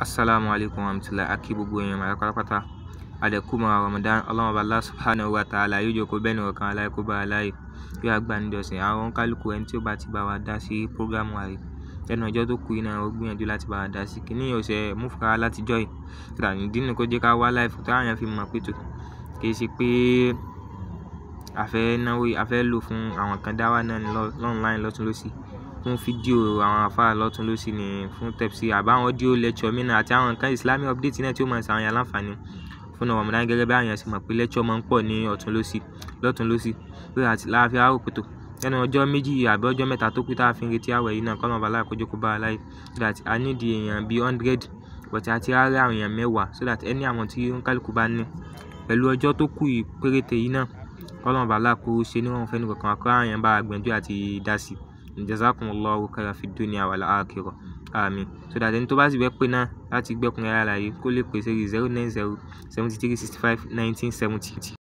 asalaamu alaykum wa rahmatulah akí gbogbo èèyàn màá pátápátá àdẹ̀kùmọ̀ ramadan ọlọ́run ọba allah subhanahu wa ta'ala yóò jókòó bẹ́ẹ̀ ni ọ̀kan aláìkó bá aláì yóò àgbà níjọsìn àwọn kálukú ẹni tí ó bá ti bá wa dá sí prógámù ààrẹ lẹ́nu ọjọ́ tó kù iná ó gbìyànjú láti bá wa dá sí kìíní ọ̀sẹ̀ múfura látijọ́ yìí ìlànà ìdínú kó jẹ́ ká wá láì fún táwọn fi mọ̀ pé tò kì í ṣe pé àfẹ́ náwó àfẹ́ lò fún àwọn kan dá wà náà lọ́nà láì lọ́tún lọ́sì kún fídíò àwọn afáà lọ́tún lọ́sí ni fún tẹ̀sí àbáwọn audio lecture mi náà àti àwọn nǹkan islamic update náà tí ó máa ṣe àwọn yàrá láǹfààní fún ọmọ ọmọdé gẹ́gẹ́ bí àwọn èèyàn ṣe mọ̀ pé lecture máa ń pọ̀ ní ọ̀tún lọ́sí lọ́tún lọ́sí pé àti láàfin àárò kòtò lẹ́nu ọjọ́ méjì àbí ọjọ́ mẹ́ta tó kú tá a fi ń retí àwẹ̀ yìí náà kọ́nà bàlá àkójọ kó bá a that a need èèyàn bíi hundred but a ti so that ẹni àwọn tí ó ń kálukú bá ní pẹ̀lú ọjọ́ tó kù àwọn èèyàn bá gbẹ̀jú àti dá sí i jazakumullahu khairan fid dunya wal akhirah àmín so that ẹni tó bá sì fẹ́ pè náà láti gbẹ́kùnrin àlàyé kó lè pè sórí zero nine zero seventy three sixty five nineteen seventy.